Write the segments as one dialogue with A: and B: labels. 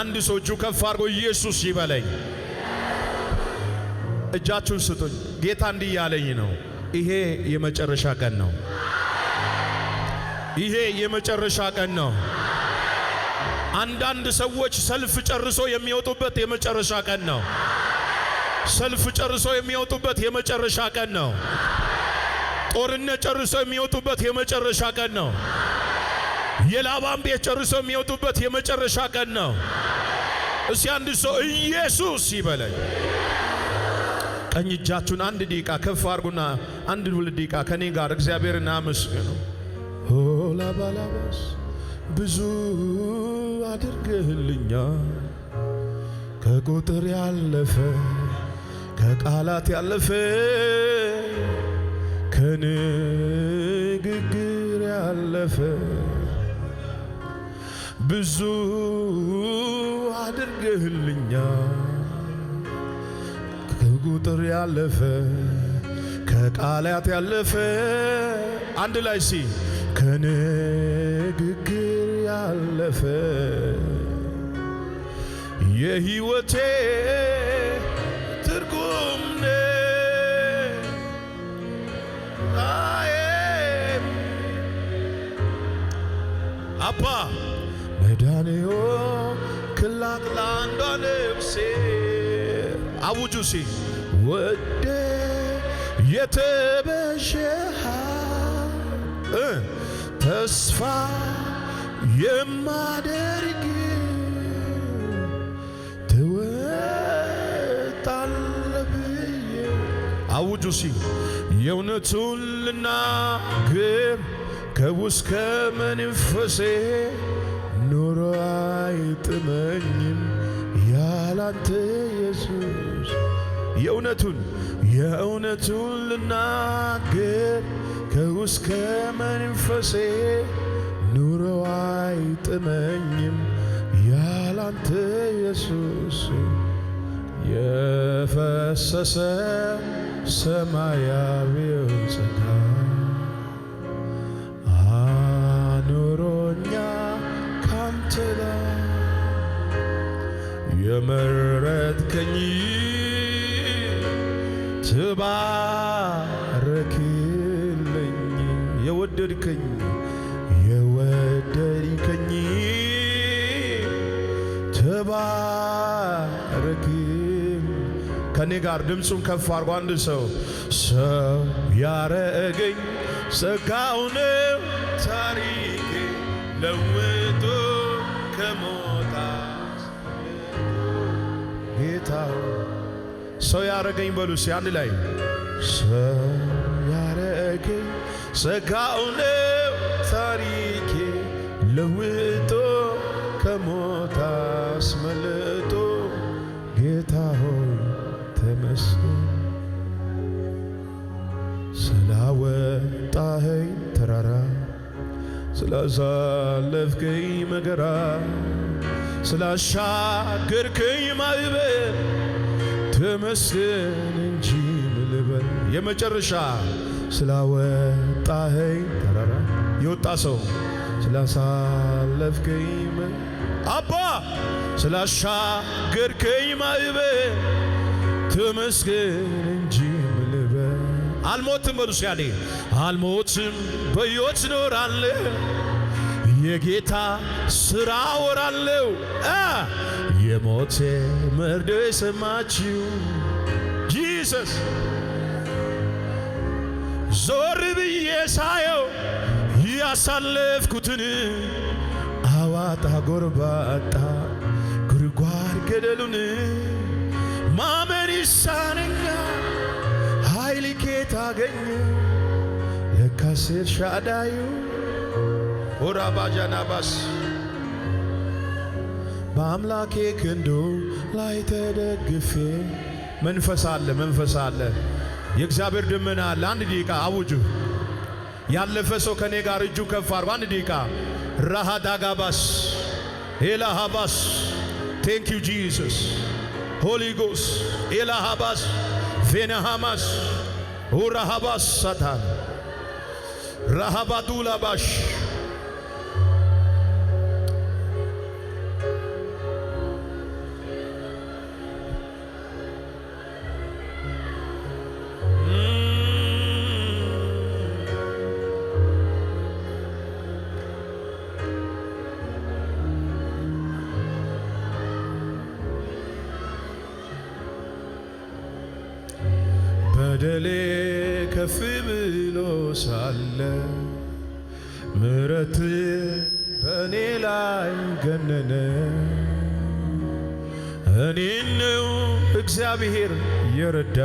A: አንድ ሰው እጁ ከፍ አድርጎ ኢየሱስ ይበለኝ። እጃችሁን ስጡኝ። ጌታ እንዲህ እያለኝ ነው፣ ይሄ የመጨረሻ ቀን ነው። ይሄ የመጨረሻ ቀን ነው። አንዳንድ ሰዎች ሰልፍ ጨርሶ የሚወጡበት የመጨረሻ ቀን ነው። ሰልፍ ጨርሶ የሚወጡበት የመጨረሻ ቀን ነው። ጦርነት ጨርሶ የሚወጡበት የመጨረሻ ቀን ነው። የላባን ቤት ጨርሶ የሚወጡበት የመጨረሻ ቀን ነው። እስቲ አንድ ሰው ኢየሱስ ይበለኝ። ቀኝ እጃችሁን አንድ ደቂቃ ከፍ አድርጉና አንድ ሁለት ደቂቃ ከኔ ጋር እግዚአብሔርን አመስግኑ። ላባላባስ ብዙ አድርገህልኛ ከቁጥር ያለፈ ከቃላት ያለፈ ከንግግር ያለፈ ብዙ አድርግህልኛል ከቁጥር ያለፈ ከቃላት ያለፈ አንድ ላይ ሲ ከንግግር ያለፈ የህይወቴ ትርጉም አባ አውጁ ሲ ወደ የተበሸሃ ተስፋ የማደርግ ትወጣለብዬ አውጁ ሲ የእውነቱን ልናገር ከውስከ መንፈሴ ኖሮ አይጥመኝም ያላንተ ኢየሱስ የእውነቱን የእውነቱን ልናገር ከውስከ መንፈሴ ኑሮ አይጥመኝም ያላንተ ኢየሱስ የፈሰሰ ሰማያዊውን ጸጋ አኑሮኛ ካንተ ላይ የመረጥከኝ ትባረክልኝ የወደድከኝ የወደድከኝ ትባረክል ከእኔ ጋር ድምፁን ከፍ አድርጎ አንድ ሰው ሰው ያረገኝ ጸጋውን ታሪኬ ለውጦ ከሞታ ሰው ያረገኝ በሉስ ያን ላይ ሰው ያረገኝ ስጋውን ታሪኬ ለውጦ ከሞት አስመልጦ ጌታ ሆይ ተመስገን ስላወጣኸኝ ተራራ ስላሳለፍከኝ መገራ ስላሻገርከኝ ማዕበል ተመስገን እንጂ ልበል የመጨረሻ ስላወጣኸኝ ተራራ የወጣ ሰው ስላሳለፍከኝ አባ ስላሻገርከኝ ማዕበል ተመስገን እንጂ ልበል አልሞትም በሉስ ያኔ አልሞትም በሕይወት እኖራለሁ የጌታ ሥራ ወራለው የሞቴ መርዶ የሰማችው ጂሰስ ዞር ብዬ ሳየው ያሳለፍኩትን አዋጣ ጎርባጣ ጉድጓድ ገደሉን ማመን ይሳነኛ ኃይል ኬት አገኘ ለካሴር ሻዳዩ ኦራባጃናባስ በአምላኬ ክንዱ ላይ ተደግፌ መንፈስ አለ፣ መንፈስ አለ፣ የእግዚአብሔር ደመና አለ። አንድ ደቂቃ አውጁ። ያለፈ ሰው ከኔ ጋር እጁ ከፍ አርጎ አንድ ደቂቃ ራሃዳጋባስ ኤላሃባስ ቴንክ ዩ ጂሰስ ሆሊ ጎስ ኤላሃባስ ቬነሃማስ ኡራሃባስ ሳታን ራሃባዱላባሽ እኔ ላይ ገነነ። እኔን ነው እግዚአብሔር የረዳ።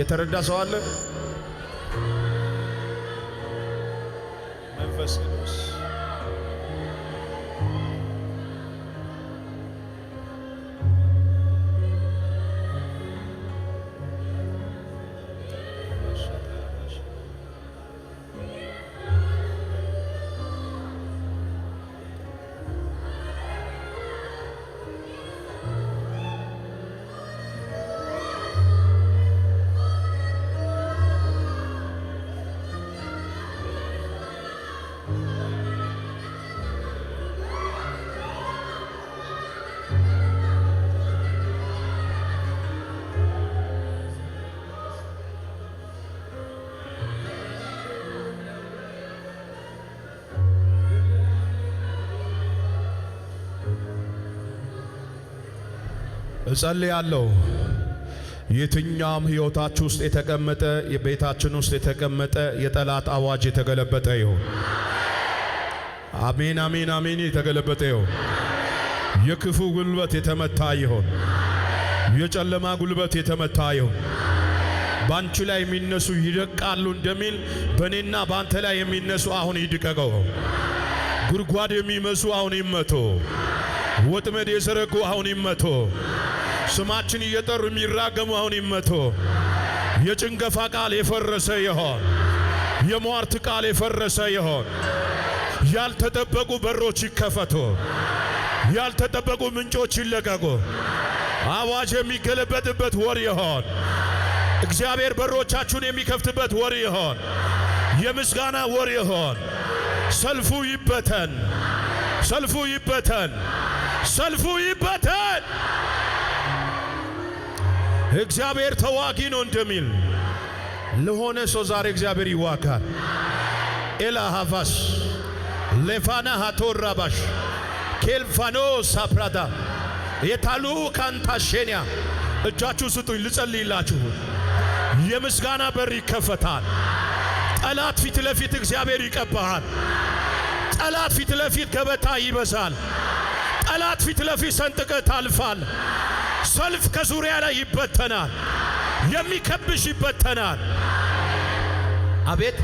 A: የተረዳ ሰው አለ መንፈስ ቅዱስ እጸልያለሁ። የትኛውም ሕይወታችሁ ውስጥ የተቀመጠ የቤታችን ውስጥ የተቀመጠ የጠላት አዋጅ የተገለበጠ ይሁን። አሜን፣ አሜን፣ አሜን። የተገለበጠ ይሁን። የክፉ ጉልበት የተመታ ይሁን። የጨለማ ጉልበት የተመታ ይሁን። ባንቺ ላይ የሚነሱ ይደቃሉ እንደሚል በእኔና በአንተ ላይ የሚነሱ አሁን ይድቀቀው። ጉድጓድ የሚመሱ አሁን ይመቶ። ወጥመድ የዘረጉ አሁን ይመቶ። ስማችን እየጠሩ የሚራገሙ አሁን ይመቶ። የጭንገፋ ቃል የፈረሰ ይሆን፣ የሟርት ቃል የፈረሰ ይሆን። ያልተጠበቁ በሮች ይከፈቱ፣ ያልተጠበቁ ምንጮች ይለቀቁ። አዋጅ የሚገለበጥበት ወር ይሆን። እግዚአብሔር በሮቻችሁን የሚከፍትበት ወር ይሆን። የምስጋና ወር ይሆን። ሰልፉ ይበተን፣ ሰልፉ ይበተን፣ ሰልፉ ይበተን። እግዚአብሔር ተዋጊ ነው እንደሚል ለሆነ ሰው ዛሬ እግዚአብሔር ይዋጋል። ኤላ ሃቫስ ሌፋና ሃቶራባሽ ኬልፋኖ ሳፕራዳ የታሉ ካንታሼንያ እጃችሁ ስጡኝ ልጸልይላችሁ። የምስጋና በር ይከፈታል። ጠላት ፊት ለፊት እግዚአብሔር ይቀባሃል። ጠላት ፊት ለፊት ገበታ ይበዛል። ጠላት ፊት ለፊት ሰንጥቀ ታልፋል። ሰልፍ ከዙሪያ ላይ ይበተናል። የሚከብሽ ይበተናል። አቤት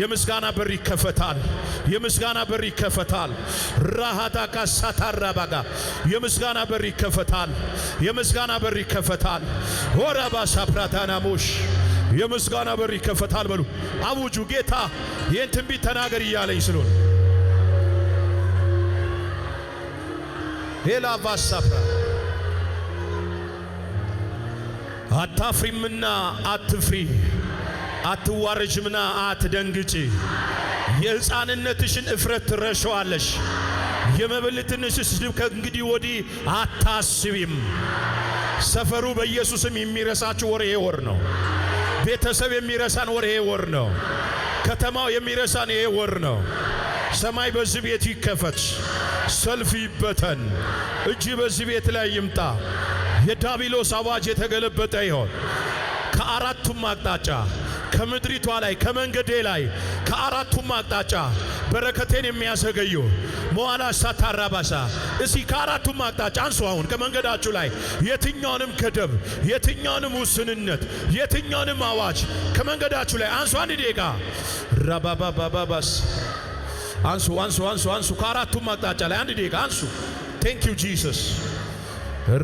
A: የምስጋና በር ይከፈታል። የምስጋና በር ይከፈታል። ራሃታ ካሳታራ ባጋ የምስጋና በር ይከፈታል። የምስጋና በር ይከፈታል። ሆራባ ሳፕራታና ሞሽ የምስጋና በር ይከፈታል። በሉ አቡጁ ጌታ ይህን ትንቢት ተናገር እያለኝ ስለሆነ ሄላ ባሳፕራ አታፍሪምና አትፍሪ፣ አትዋረጅምና አትደንግጪ። የሕፃንነትሽን እፍረት ትረሸዋለሽ። የመበለትነትሽ ስድብ ከእንግዲህ ወዲህ አታስቢም። ሰፈሩ በኢየሱስም የሚረሳችሁ ወርሄ ወር ነው። ቤተሰብ የሚረሳን ወርሄ ወር ነው። ከተማው የሚረሳን ይሄ ወር ነው። ሰማይ በዚህ ቤት ይከፈት፣ ሰልፍ ይበተን፣ እጅ በዚህ ቤት ላይ ይምጣ። የዳቢሎስ አዋጅ የተገለበጠ ይሆን። ከአራቱም አቅጣጫ ከምድሪቷ ላይ ከመንገዴ ላይ ከአራቱም አቅጣጫ በረከቴን የሚያሰገዩ መዋላ ሳታራባሳ እሲ ከአራቱም አቅጣጫ አንሱ። አሁን ከመንገዳችሁ ላይ የትኛውንም ገደብ፣ የትኛውንም ውስንነት፣ የትኛውንም አዋጅ ከመንገዳችሁ ላይ አንሱ። አንድ ደቂቃ ራባባባባስ አንሱ፣ አንሱ፣ አንሱ፣ አንሱ። ከአራቱም አቅጣጫ ላይ አንድ ደቂቃ አንሱ። ቴንክ ዩ ጂሰስ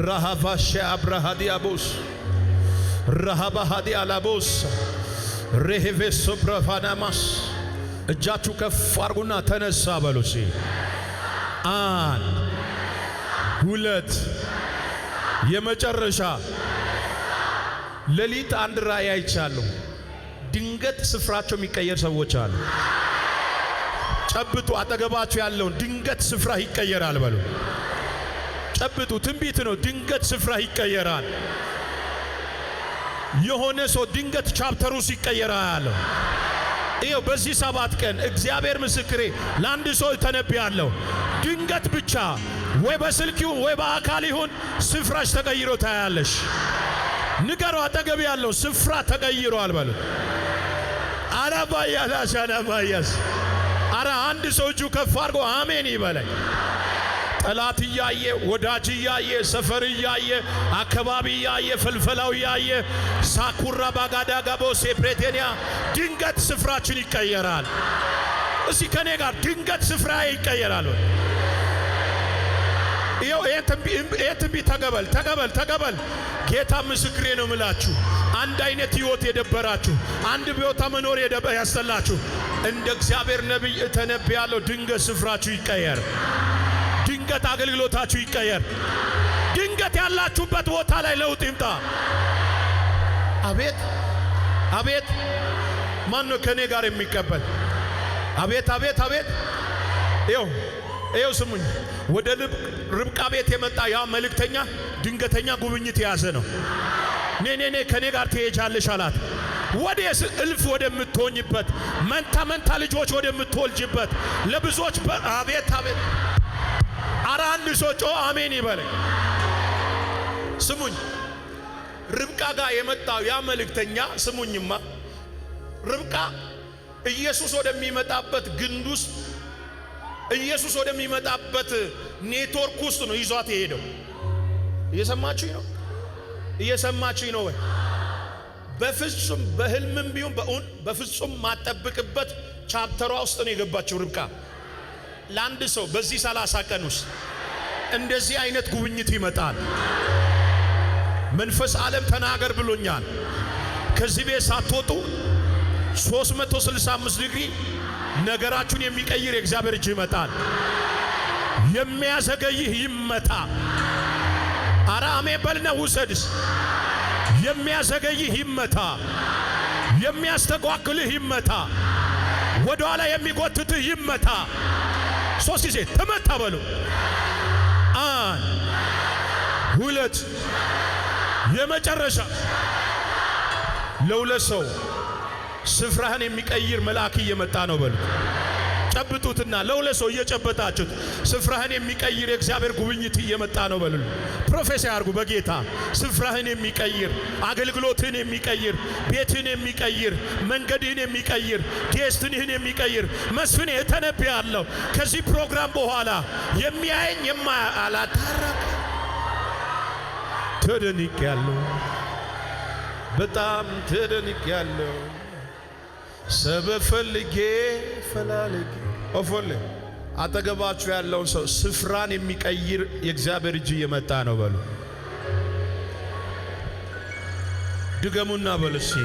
A: ራሃቫሸ አብራሃዲያቦስ ራሃባሃዲ አላቦስ ሬሄቬሶ ብረፋናማስ እጃችሁ ከፍ አርጉና ተነሳ በሎሲ አንድ ሁለት የመጨረሻ ሌሊት አንድ ራእይ አይቻለሁ። ድንገት ስፍራቸው የሚቀየር ሰዎች አሉ። ጨብጡ አጠገባችሁ ያለውን ድንገት ስፍራ ይቀየራል በሉ። ጨብጡ። ትንቢት ነው። ድንገት ስፍራ ይቀየራል። የሆነ ሰው ድንገት ቻፕተሩ ሲቀየራ ይኸው በዚህ ሰባት ቀን እግዚአብሔር ምስክሬ ለአንድ ሰው ተነብያለሁ። ድንገት ብቻ ወይ በስልክ ይሁን ወይ በአካል ይሁን ስፍራሽ ተቀይሮ ታያለሽ። ንገሩ አጠገብ ያለው ስፍራ ተቀይሯል በሉ። አራባያላሽ አራባያስ አራ አንድ ሰው እጁ ከፍ አድርጎ አሜን ይበለኝ። ጠላት እያየ ወዳጅ እያየ ሰፈር እያየ አካባቢ እያየ ፈልፈላው እያየ ሳኩራ ባጋዳ ጋቦ ሴፕሬቴንያ ድንገት ስፍራችን ይቀየራል። እስቲ ከኔ ጋር ድንገት ስፍራ ይቀየራል። ይኸው ይህ ትንቢት ተቀበል ተቀበል ተቀበል። ጌታ ምስክሬ ነው ምላችሁ አንድ አይነት ህይወት የደበራችሁ፣ አንድ ቦታ መኖር ያስጠላችሁ፣ እንደ እግዚአብሔር ነቢይ እተነብያለሁ ድንገት ስፍራችሁ ይቀየራል። ድንገት አገልግሎታችሁ ይቀየር። ድንገት ያላችሁበት ቦታ ላይ ለውጥ ይምጣ። አቤት አቤት! ማን ነው ከእኔ ጋር የሚቀበል? አቤት አቤት አቤት! ይው ይው ስሙኝ። ወደ ርብቃ ቤት የመጣ ያ መልእክተኛ ድንገተኛ ጉብኝት የያዘ ነው። ኔ ኔ ኔ ከእኔ ጋር ትሄጃለሽ አላት። ወደ እልፍ ወደምትሆኝበት መንታ መንታ ልጆች ወደምትወልጅበት ለብዙዎች አቤት አቤት አረ አንድ ሰው ጮ አሜን ይበል። ስሙኝ ርብቃ ጋር የመጣው ያ መልእክተኛ ስሙኝማ፣ ርብቃ ኢየሱስ ወደሚመጣበት ግንድ ውስጥ ኢየሱስ ወደሚመጣበት ኔትወርክ ውስጥ ነው ይዟት የሄደው። እየሰማችሁኝ ነው? እየሰማችሁኝ ነው ወይ? በፍጹም በህልምም ቢሆን በእውን በፍጹም ማጠብቅበት ቻፕተሯ ውስጥ ነው የገባችው ርብቃ። ለአንድ ሰው በዚህ ሰላሳ ቀን ውስጥ እንደዚህ አይነት ጉብኝት ይመጣል። መንፈስ ዓለም ተናገር ብሎኛል። ከዚህ ቤት ሳትወጡ 365 ዲግሪ ነገራችሁን የሚቀይር የእግዚአብሔር እጅ ይመጣል። የሚያዘገይህ ይመጣ። አረ አሜን በልና ውሰድስ። የሚያዘገይህ ይመታ። የሚያስተጓክልህ ይመታ። ወደ ኋላ የሚጎትትህ ይመታ። ሶስት ጊዜ ተመታ በሉ። አንድ ሁለት፣ የመጨረሻ ለሁለት ሰው ስፍራህን የሚቀይር መልአክ እየመጣ ነው በሉ። ጨብጡትና ለሁለት ሰው እየጨበጣችሁት ስፍራህን የሚቀይር የእግዚአብሔር ጉብኝት እየመጣ ነው በሉ። ፕሮፌሲ አርጉ በጌታ ስፍራህን የሚቀይር አገልግሎትህን የሚቀይር ቤትህን የሚቀይር መንገድህን የሚቀይር ዴስትንህን የሚቀይር መስፍን እተነብያለሁ ከዚህ ፕሮግራም በኋላ የሚያየኝ የማያላታረቅ ተደንቅ ያለው በጣም ተደንቅ ያለው ሰበፈልጌ ፈላልጌ ኦፎሌ አጠገባችሁ ያለውን ሰው ስፍራን የሚቀይር የእግዚአብሔር እጅ እየመጣ ነው በሉ። ድገሙና በሉ እስኪ